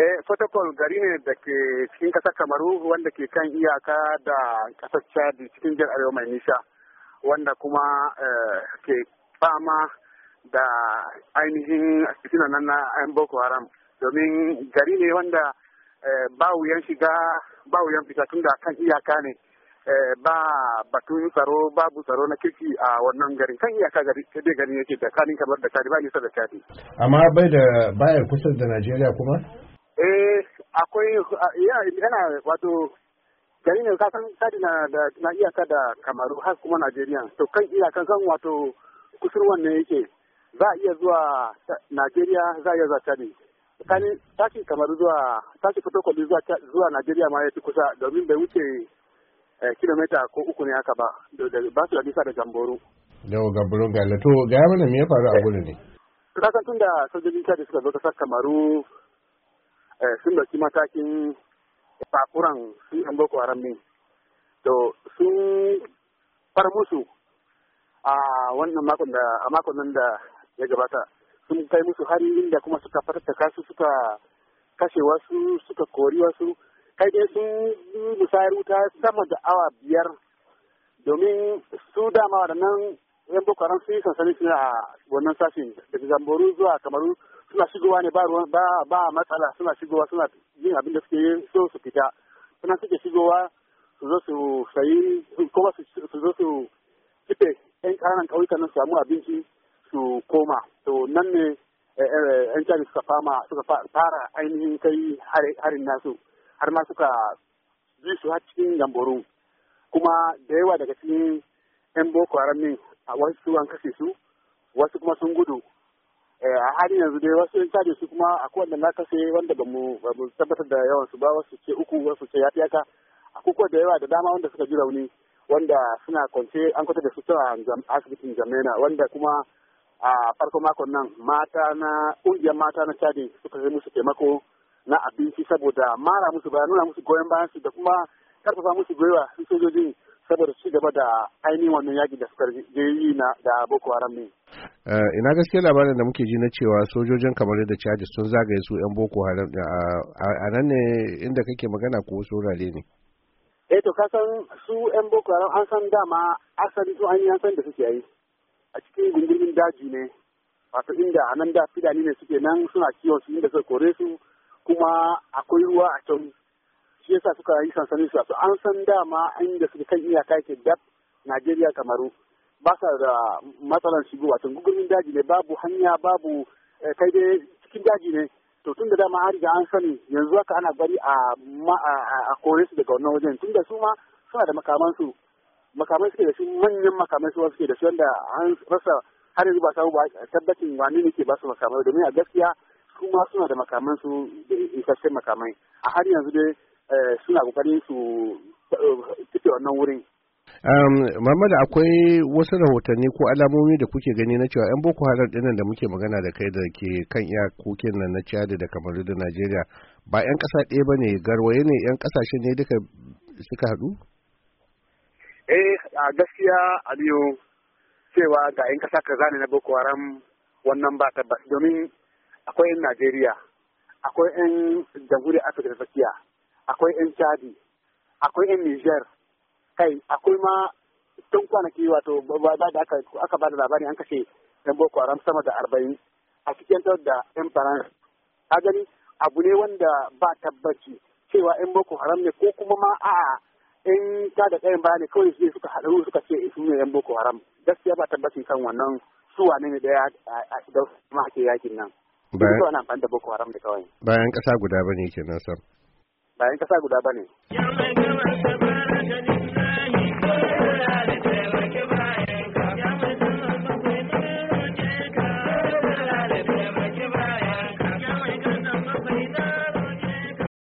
Eh, protocol gari ne da ke cikin kasar Kamaru wanda ke kan iyaka da kasar Chad cikin jihar Arewa mai nisa wanda kuma eh, ke fama da ainihin fitina nan na ayan Boko Haram domin gari ne wanda eh, ba wuyan shiga ba wuyan fita tun da kan iyaka ne eh, ba batun tsaro babu tsaro na kirki a wannan gari kan iyaka gari dai gari yake da kanin kamar da Chad ba nisa da Chad amma bai da bayar kusa da Najeriya kuma eh akwai ah, yana wato gari ne kasan sadi na na iyaka da kamaru har kuma najeriya to kan iyakan kan wato kusurwan ne yake za a iya zuwa najeriya za a iya zuwa sadi tsakanin tashi kamaru zuwa tashi fotokoli zuwa zuwa najeriya ma ya fi kusa domin bai wuce eh, kilomita ko uku ne haka ba ba su da nisa da gamboro yau gamboro ga to ga mana me ya faru a eh. gurin ne kasan tun da sojojin sadi suka zo kasar kamaru Eh, sun dauki matakin fakuran su yan boko haram ne to sun far musu a wannan makon da a makon nan da ya gabata sun kai musu hari inda kuma suka fatattaka su suka kashe wasu suka kori wasu kai dai sun musayar wuta sama da awa biyar domin su dama waɗannan yan boko haram sun yi sansani suna a wannan sashen daga zamboru zuwa kamaru suna shigowa ne ba ba matsala suna shigowa suna yin abin da suke so su fita suna suke shigowa su zo su sayi kuma su zo su kife yan ƙananan ƙauyukan nan su samu abinci su koma to nan ne yan eh, eh, cani suka fama suka fara ainihin kai harin nasu har ma suka bi su har cikin gamboru kuma da yawa daga cikin yan boko haram ne wasu an kashe su wasu kuma sun gudu eh, a halin yanzu dai wasu yan caje su kuma a kowanne na kashe wanda ba mu tabbatar da yawan su ba wasu ce uku wasu ce yafi a akwai da yawa da dama wanda suka ji rauni wanda suna kwance an kwata da su ta asibitin jamena wanda kuma a farko makon nan mata na ƙungiyar mata na cadi suka yi musu taimako na abinci saboda mara musu bayan nuna musu goyon bayan su da kuma karfafa musu gwiwa sojojin saboda su gaba da ainihin wannan yaki da suka je yi na da Boko Haram ne. Eh, ina gaskiya labarin da muke ji na cewa sojojin kamar da caji sun zagaye su 'yan Boko Haram a nan ne inda kake magana ko wasu ne. E, to kasan su 'yan Boko Haram an san dama asali su an yi an san da suke yi a cikin gungumin daji ne wato inda a nan da fidani ne suke nan suna kiwon su inda suka kore su kuma akwai ruwa a can shi yasa suka yi sansanin su an san dama inda suke kan iyaka yake dab Najeriya Kamaru ba sa da matsalar shigo wato gugurmin daji ne babu hanya babu eh, kai dai cikin daji ne to tun da dama an riga an sani yanzu haka ana bari a kore su daga wannan wajen tun da su ma suna da makaman su makamai suke da su manyan makamai su suke da su wanda an rasa har yanzu ba sa ba tabbacin wani ne ke ba su makamai domin a gaskiya su ma suna da makaman su da isasshen makamai a har yanzu dai Eh, suna kokarin su eh, cike wannan wurin Um, akwai wasu rahotanni ko alamomi da kuke gani na cewa 'yan Boko Haram dinnan da muke magana da kai da ke kan iyakokin nan na Chad da Kamaru da Najeriya ba 'yan ƙasa ɗaya ba ne garwaye ne 'yan ƙasashe ne duka suka haɗu? Eh, a gaskiya Aliyu cewa ga 'yan kasa kaza ne na Boko Haram wannan ba tabbas domin akwai 'yan Najeriya, akwai 'yan jamhuriyar Afirka da tsakiya, akwai 'yan Chadi, akwai 'yan Niger, kai akwai ma tun kwanaki wato ba da aka ba da labari an kashe 'yan Boko Haram sama da arba'in a cikin da 'yan Faransa. Ka gani abu ne wanda ba tabbaci cewa 'yan Boko Haram ne ko kuma ma a in ta da ɗayan baya ne kawai su suka haɗu suka ce su ne 'yan Boko Haram. Gaskiya ba tabbacin kan wannan su wane ne daya a idan ma ake yakin nan. Bayan ƙasa guda ba ne nan sam. ba 'yan kasa guda ba ne.